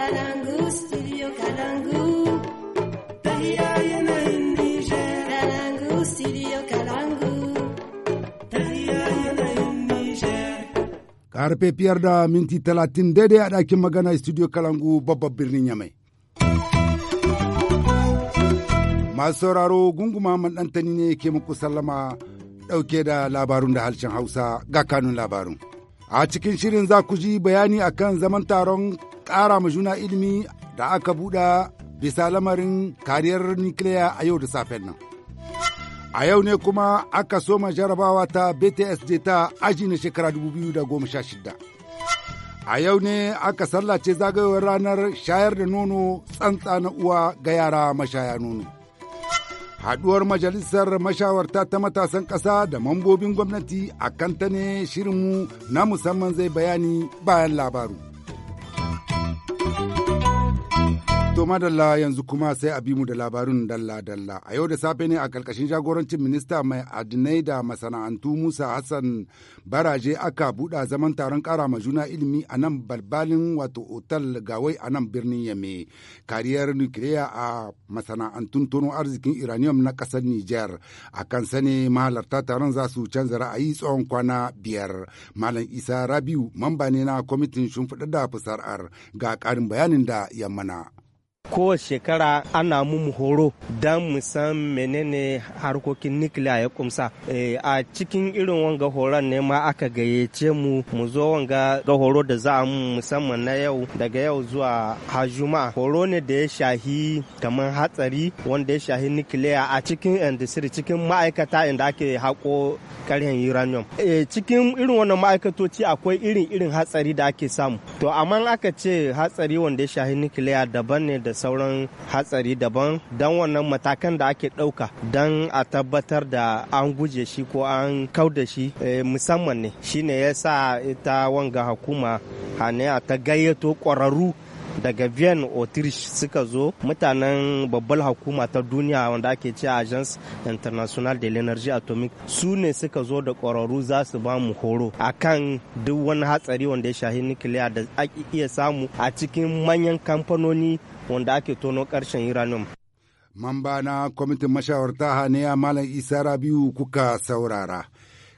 Kalangu, da minti talatin daidai a ɗakin magana studio Kalangu babban birnin Yamai. Masu sauraro gunguma maɗantani ne ke muku sallama ɗauke da labarun da harshen Hausa ga kanun labarun. A cikin shirin za ku ji bayani akan zaman taron ƙara ma juna ilimi da aka buɗa bisa lamarin kariyar nukiliya a yau da safen nan. A yau ne kuma aka soma jarabawa ta BTSD ta aji na shekara da sha 2016. A yau ne aka sallace zagayowar ranar shayar da nono tsantsa na uwa ga yara mashaya nono. Haɗuwar majalisar mashawarta ta matasan ƙasa da mambobin gwamnati a kanta ne shirinmu na musamman zai bayani bayan labaru. dalla yanzu kuma sai a bi mu da labarin dalla-dalla. A yau da safe ne a karkashin jagorancin minista mai adinai da masana'antu Musa Hassan Baraje aka buɗa zaman taron ƙara ma juna ilimi a nan balbalin wato otal gawai a nan birnin Yame. Kariyar nukiliya a masana'antun tono arzikin uranium na ƙasar Nijar. A kan sani mahalarta taron za su canza ra'ayi tsawon kwana biyar. Malam Isa Rabiu mamba ne na kwamitin shimfiɗa da fusar'ar ga ƙarin bayanin da ya mana. kowace shekara ana mu horo don mu san menene harkokin nikila ya kumsa eh, a cikin irin wanga horon ne ma aka gayyace mu mu zo wanga ga horo da za mu musamman na yau daga yau zuwa har juma'a horo ne da ya shahi kamar hatsari wanda ya shahi nukiliya a cikin industry cikin ma'aikata inda ake hako. karhen uranium eh, cikin irin wannan ma'aikatoci akwai irin irin hatsari da ake samu to amma aka ce hatsari wanda ya shahi nukiliya daban ne da sauran hatsari daban don wannan matakan da ake ɗauka don a tabbatar da an guje shi ko an kau da shi eh, musamman ne shi ne ya sa ita wanga hukuma hane a ta gayyato kwararru. daga vienne Autriche suka zo mutanen babbar hukuma ta duniya wanda ake ce Agence International de l'Energie Atomic su ne suka zo da ƙwararru za su ba mu horo akan duk wani hatsari wanda ya shahi nukiliya da ake iya samu a cikin manyan kamfanoni wanda ake tono karshen uranium. Mamba na kwamitin mashawarta ne a Malam Isa Rabiu kuka saurara.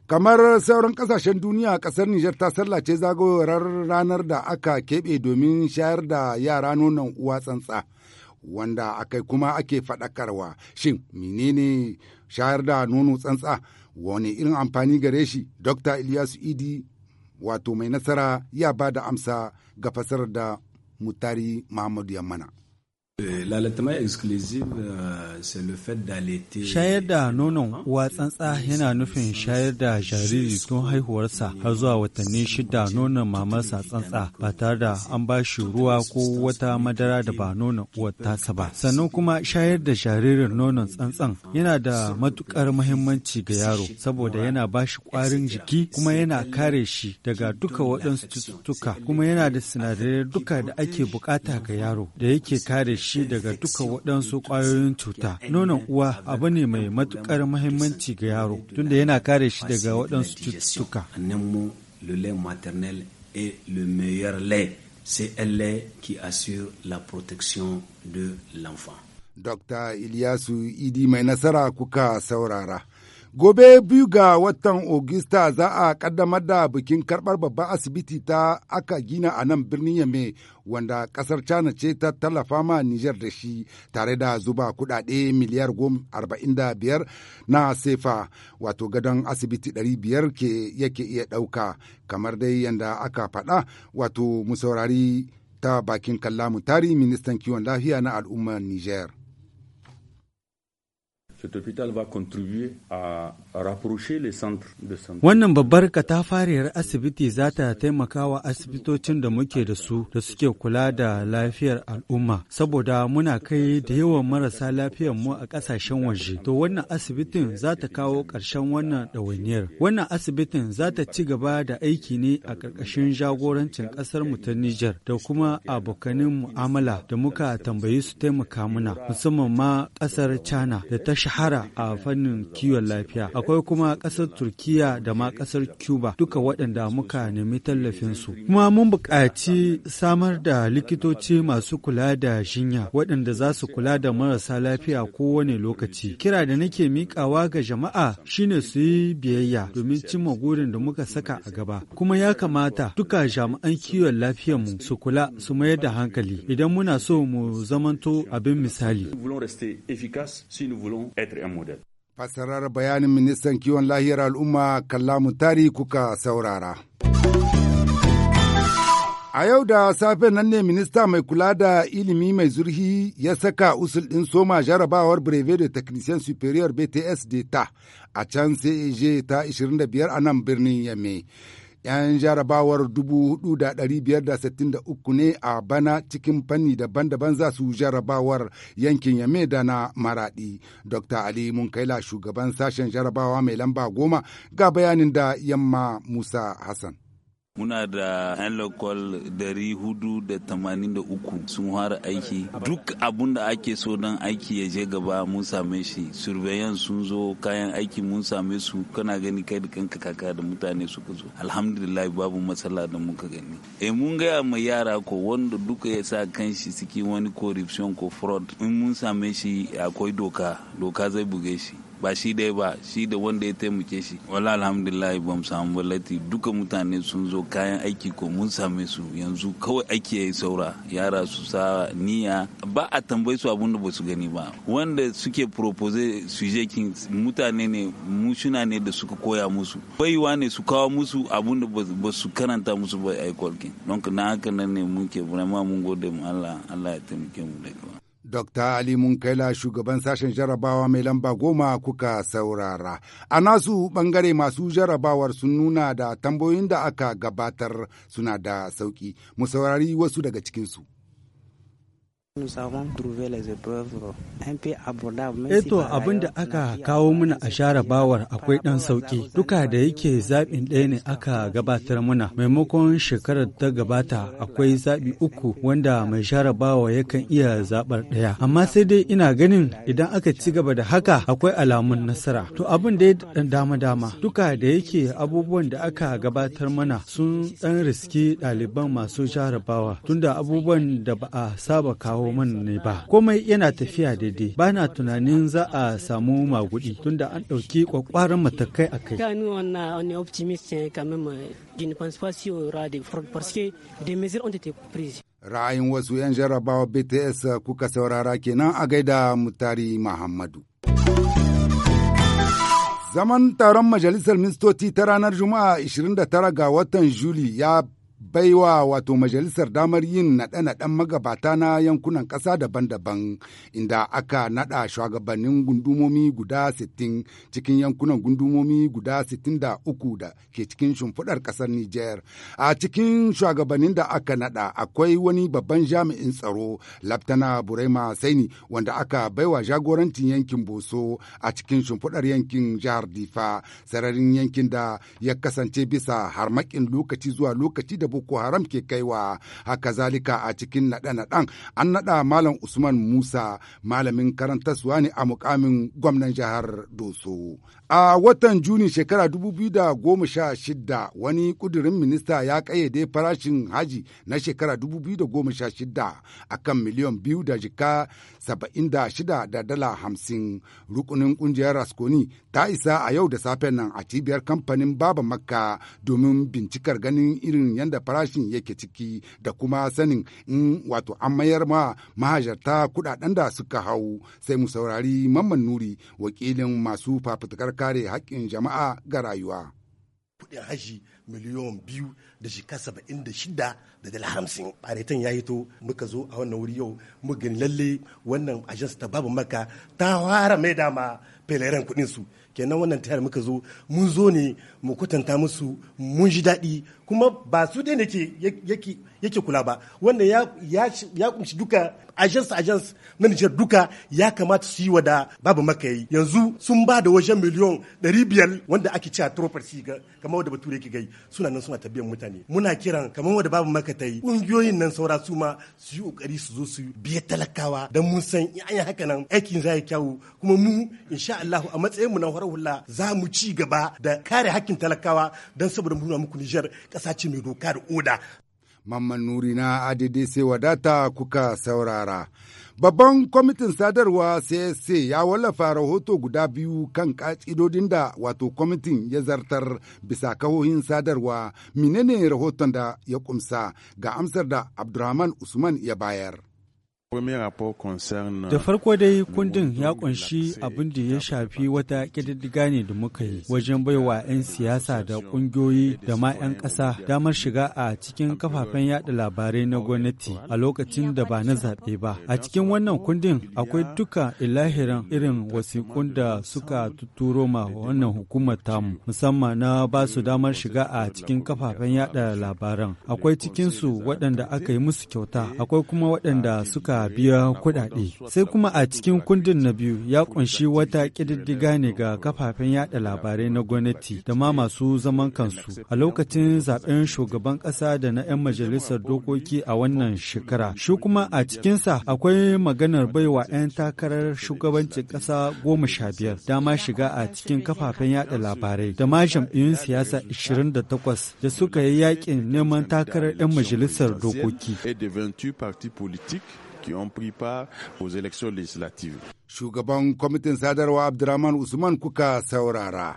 Kamar sauran kasashen duniya kasar Nijar ta sallace zagayowar ranar da aka keɓe domin shayar da yara nonon uwa tsantsa. Wanda akai kuma ake faɗakarwa shin menene shayar da nono tsantsa wani irin amfani gare shi Dr. Ilyasu Idi wato mai nasara ya ba da amsa ga fasar da Mutari Muhammadu Yammana. Euh, euh, shayar da nonon uwa tsantsa yana nufin shayar da jariri tun haihuwarsa har zuwa watanni shida nonon mamarsa tsantsa ba tare da an ba shi ruwa ko wata madara da ba nonon uwar tasa ba. Sannan kuma shayar da jaririn nonon tsantsan yana da matukar muhimmanci ga yaro saboda yana ba shi kwarin jiki kuma yana kare shi daga duka waɗansu cututtuka kuma yana da sinadarai duka da ake bukata ga yaro da yake kare shi shi daga duka waɗansu ƙwayoyin cuta. Nonon uwa abu ne mai matuƙar mahimmanci ga yaro tunda yana kare shi daga waɗansu cututtuka. Le lait maternel le meilleur lait. C'est un lait qui assure la protection de l'enfant. Dr. Ilyasu Idi mai nasara kuka saurara. Gobe biyu ga watan Ogista za a kaddamar da bikin karɓar babban asibiti ta aka gina a nan birnin Yame wanda ƙasar China ce ta tallafa ma Nijar da shi tare da zuba kuɗaɗe miliyar arba'in biyar na sefa wato gadon asibiti ɗari biyar ke yake iya ɗauka kamar dai yadda aka faɗa wato musaurari ta bakin kallamu tari ministan kiwon lafiya na al'ummar Nijar. Wannan babbar katafariyar asibiti za ta taimaka wa asibitocin da muke da su da suke kula da lafiyar al'umma, saboda muna kai da yawan marasa lafiyar mu a ƙasashen waje. To wannan asibitin za ta kawo ƙarshen wannan ɗawainiyar. Wannan asibitin za ta ci gaba da aiki ne a ƙarƙashin jagorancin ƙasar mu ta Nijar da kuma abokanin mu'amala da muka tambayi su taimaka mana, musamman ma ƙasar China da tasha. shahara a fannin kiwon lafiya akwai kuma ƙasar turkiya da ma ƙasar cuba duka waɗanda muka nemi tallafin su. kuma mun buƙaci samar da likitoci masu kula da jinya waɗanda za su kula da marasa lafiya kowane lokaci kira da nake miƙawa ga jama'a shine su yi biyayya domin cimma gurin da muka saka a gaba kuma ya kamata duka jami'an kiwon mu su kula su mayar da hankali idan muna so mu zamanto abin misali être Fassarar bayanin ministan kiwon lahiyar al'umma Kallamu Tari kuka saurara. A yau da safe nan ne minista mai kula da ilimi mai zurhi ya saka usul ɗin soma jarabawar breve da technicien superior BTS data a can CAG e ta 25 a nan birnin Yamme. 'yan jarabawar 4,563 ne a bana cikin fanni daban-daban za su jarabawar yankin yame da na maradi dr ali munkaila shugaban sashen jarabawa mai lamba goma ga bayanin da yamma musa hassan muna da yan lokal dari hudu da tamanin da uku sun fara aiki duk abun da ake so don aiki ya je gaba mun same shi surveyan sun zo kayan aiki mun same su kana gani kai da kanka kaka da mutane suka zo alhamdulillah babu matsala da muka gani e mun gaya ma yara ko wanda duka ya sa kanshi ciki wani corruption ko fraud in mun same shi akwai doka doka zai buge shi ba shi dai ba shi da wanda ya taimake shi wala alhamdulillah ba mu samu balati duka mutane sun zo kayan aiki ko mun same su yanzu kawai aiki ya yi saura yara su sa niyya ba a tambayi su abun da ba su gani ba wanda suke propose kin mutane ne mushuna ne da suka koya musu baiwa ne su kawo musu abun da ba su karanta musu ba a yi kwalkin don na haka nan ne muke vraiment mun gode mu Allah Allah ya taimake mu da Dokta Ali Munkaila shugaban sashen jarabawa mai lamba goma kuka saurara. A nasu bangare masu jarabawar sun nuna da tambayoyin da aka gabatar suna da sauki, mu saurari wasu daga cikinsu. Eto abin da aka kawo mana a share bawar akwai ɗan sauƙi. Duka da yake zaɓin ɗaya ne aka gabatar mana, Maimakon shekarar ta gabata akwai zaɓi uku wanda mai share bawa yakan iya zaɓar ɗaya. Amma sai dai ina ganin idan aka ci gaba da haka akwai alamun nasara. To abin da ya dama dama. Duka da yake abubuwan da aka gabatar mana sun ɗan riski ɗaliban masu share bawa. Tunda abubuwan da ba a saba kawo kawo min ne ba komai yana tafiya daidai ba na tunanin za a samu magudi tunda an ɗauki kwakwaran matakai a kai ra'ayin wasu 'yan jarabawa bts eh, kuka saurara kenan a gaida mutari muhammadu zaman taron majalisar ministoci ta ranar juma'a 29 ga watan juli ya baiwa wato majalisar damar yin naɗe-naɗen magabata na yankunan ƙasa daban-daban inda aka naɗa shugabannin gundumomi guda 60 cikin yankunan gundumomi guda 63 da ke cikin shimfiɗar ƙasar Nijar. A cikin shugabannin da aka naɗa akwai wani babban jami'in tsaro Laftana Burema Saini wanda aka baiwa jagorancin yankin Boso a cikin shimfiɗar yankin jihar Difa sararin yankin da ya kasance bisa harmakin lokaci zuwa lokaci da Boko Haram ke kaiwa haka zalika a cikin naɗe-naɗen an naɗa Malam Usman Musa malamin karantarsuwa ne a mukamin gwamnan jihar Doso. A watan Juni shekara 2016 wani ƙudurin minista ya ƙayyade farashin haji na shekara 2016 a kan miliyan biyu da jika 76 da dala 50. Rukunin ƙungiyar Rasconi ta isa a yau da safen nan a cibiyar kamfanin Baba Makka domin bincikar ganin irin yadda farashin yake ciki da kuma sanin in wato an mayar ma mahajarta kuɗaɗen da suka hau sai mu saurari mamman nuri wakilin masu fafutukar kare haƙƙin jama'a ga rayuwa. kuɗin haji miliyon biyu da shika saba'in da shida da dala hamsin baretan ya yi to muka zo a wannan wuri yau muka lalle wannan ajiyarsa ta babu maka ta fara mai dama feleren kuɗin su kenan wannan tayar muka zo mun zo ne mu kwatanta musu mun ji daɗi kuma ba su dai ne yake kula ba wanda ya kunshi duka agence agence na Nijar duka ya kamata su yi wa da babu makayi yanzu sun ba da wajen miliyon 500 wanda ake cewa tropar ga kamar wanda bature yake gai suna nan suna tabbiyan mutane muna kiran kamar wanda babu maka yi kungiyoyin nan saura su ma su yi kokari su zo su biya talakawa dan mun san in an yi haka nan aikin zai kyawu kuma mu insha Allah a matsayin mu na hula za mu ci gaba da kare hakkin talakawa dan saboda mu nuna muku Nijar ƙasa ce mai doka da oda Mamman Nuri na sai wadata kuka saurara. Babban kwamitin sadarwa CSC ya wallafa rahoto guda biyu kan ƙa'idodin da wato kwamitin ya zartar bisa kahohin sadarwa menene rahoton da ya kumsa ga amsar da Abdurrahman Usman ya bayar. Da farko dai kundin ya kunshi abin da ya shafi wata ƙididdiga ne da muka yi wajen baiwa 'yan siyasa da ƙungiyoyi da ma 'yan ƙasa damar shiga a cikin kafafen yada labarai na gwamnati a lokacin da ba na zaɓe ba. A cikin wannan kundin akwai duka ilahirin irin wasiƙun da suka tuturo ma wannan hukumar tamu musamman na ba su damar shiga a cikin kafafen yada labaran. Akwai cikinsu waɗanda aka yi musu kyauta, akwai kuma waɗanda suka biya kuɗaɗe. Sai kuma a cikin kundin na biyu ya kunshi wata ƙididdiga ne ga kafafen yada labarai na gwamnati da ma masu zaman kansu a lokacin zaben shugaban ƙasa da na 'yan majalisar dokoki a wannan shekara. Shi kuma a cikinsa akwai maganar baiwa 'yan takarar shugabancin ƙasa goma sha biyar dama shiga a cikin kafafen yada labarai da ma jam'iyyun siyasa 28 da suka yi yakin neman takarar 'yan majalisar dokoki. qui ont pris part aux élections législatives. Shugaban kwamitin sadarwa Abdurrahman Usman kuka saurara.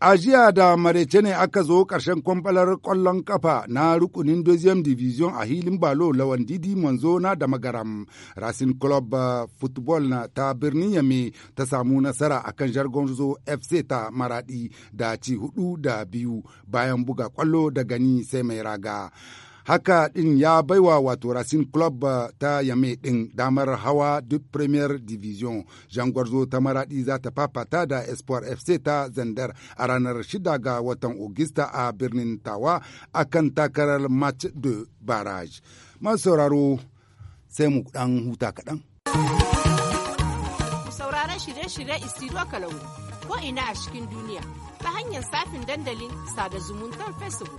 A jiya da marece ne aka zo ƙarshen kwamfalar ƙwallon kafa na rukunin Dozium Division a hilin Balo Lawan Didi Manzo na da Magaram. Racing Club uh, Football na ta birnin Yame ta samu nasara a akan zo FC ta Maradi da ci hudu da biyu bayan buga kwallo da gani sai mai raga. haka ɗin ya baiwa wato rasin club eh, ta yame ɗin damar hawa duk premier division jean gwarzo ta maraɗi za ta fafata da espoir fc ta zandar a ranar 6 ga watan augusta a birnin tawa a kan takarar match de barrage masu sauraro sai mu ɗan huta kaɗan. sauraron shirye-shirye istiro kalangu ko ina a cikin duniya ta hanyar safin dandalin sada zumuntar facebook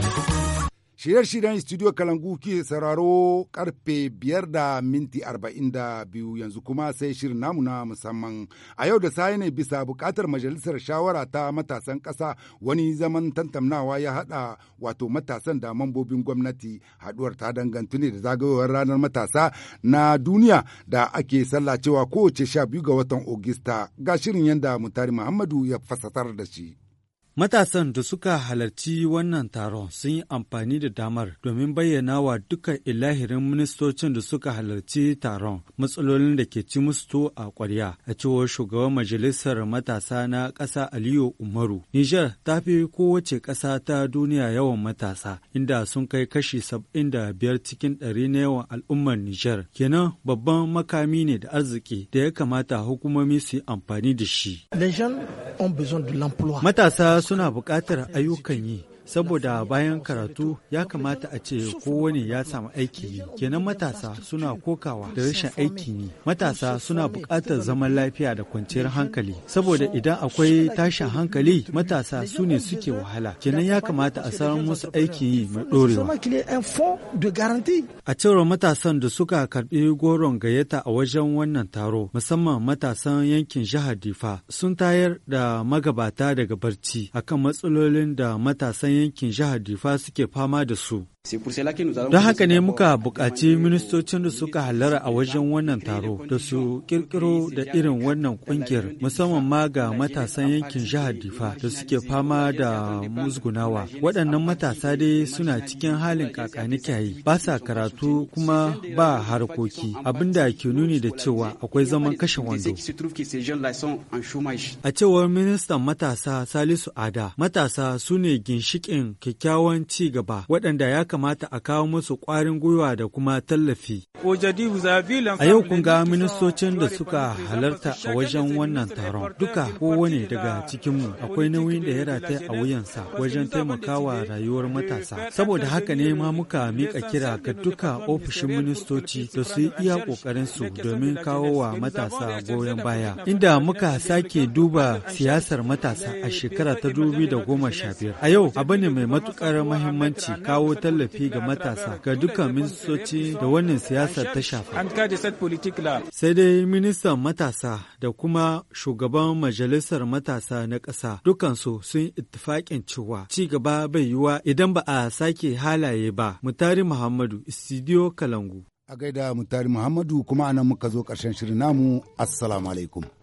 Shirye-shiryen Studio Kalangu ke sauraro karfe biyar da minti arba'in da biyu yanzu kuma sai shirin namu na musamman. A yau da sai ne bisa bukatar majalisar shawara ta matasan ƙasa wani zaman tantamnawa ya hada wato matasan da mambobin gwamnati haduwar ta dangantu ne da zagayowar ranar matasa na duniya da ake sallacewa kowace sha biyu ga watan Ogista ga shirin yadda Mutari Muhammadu ya fasatar da shi. Matasan da suka halarci wannan taron sun yi amfani da damar domin bayyana wa dukkan ilahirin ministocin da suka halarci taron matsalolin da ke ci musu a kwarya a cewar shugaban majalisar matasa na ƙasa Aliyu Umaru. Nijar ta fi kowace ƙasa ta duniya yawan matasa inda sun kai kashi saba'in da biyar cikin ɗari na yawan al'ummar Nijar. Kenan babban makami ne da arziki da ya kamata hukumomi su yi amfani da shi. Matasa suna buƙatar ayyukan yi saboda bayan karatu ya kamata a ce kowane ya samu aiki yi kenan matasa suna kokawa da rashin aiki yi matasa suna buƙatar zaman lafiya da kwanciyar hankali saboda idan akwai tashin hankali matasa su ne suke wahala kenan ya kamata a samu musu aiki yi mai ɗorewa a cewar matasan da suka karɓi goron gayyata a wajen wannan taro musamman matasan yankin jihar difa sun tayar da magabata daga barci akan matsalolin da matasan yankin jihar Difa suke fama da su. Don haka ne muka buƙaci ministocin da suka halara a wajen wannan taro da su ƙirƙiro da irin wannan ƙungiyar musamman ma ga matasan yankin jihar Difa da suke fama da musgunawa. Waɗannan matasa dai suna cikin halin kakanikayi ba sa karatu kuma ba harkoki abinda ke nuni da cewa akwai zaman kashe wando. A cewar ministan matasa Salisu Ada, matasa su ne ginshiƙin kyakkyawan ci gaba waɗanda ya kamata a kawo musu ƙwarin gwiwa da kuma tallafi. A yau kun ga ministocin da suka halarta a wajen wannan taron. Duka kowane daga cikinmu akwai nauyin da ya rataya a wuyansa wajen taimakawa rayuwar matasa. Saboda haka ne ma muka mika kira ga duka ofishin ministoci da su yi iya su domin kawo wa matasa goyon baya. Inda muka sake duba siyasar matasa a shekara ta dubi da goma sha biyar. A yau abu ne mai matuƙar mahimmanci kawo tallafi tallafi ga matasa ga dukkan ministoci da wannan siyasar ta shafa. Sai dai ministan matasa da kuma shugaban majalisar matasa na ƙasa dukansu sun ittifaƙin cewa ci gaba bai yiwa idan ba a sake halaye ba. Mutari Muhammadu, Studio Kalangu. A gaida Mutari Muhammadu kuma anan muka zo ƙarshen shirin namu, Assalamu alaikum.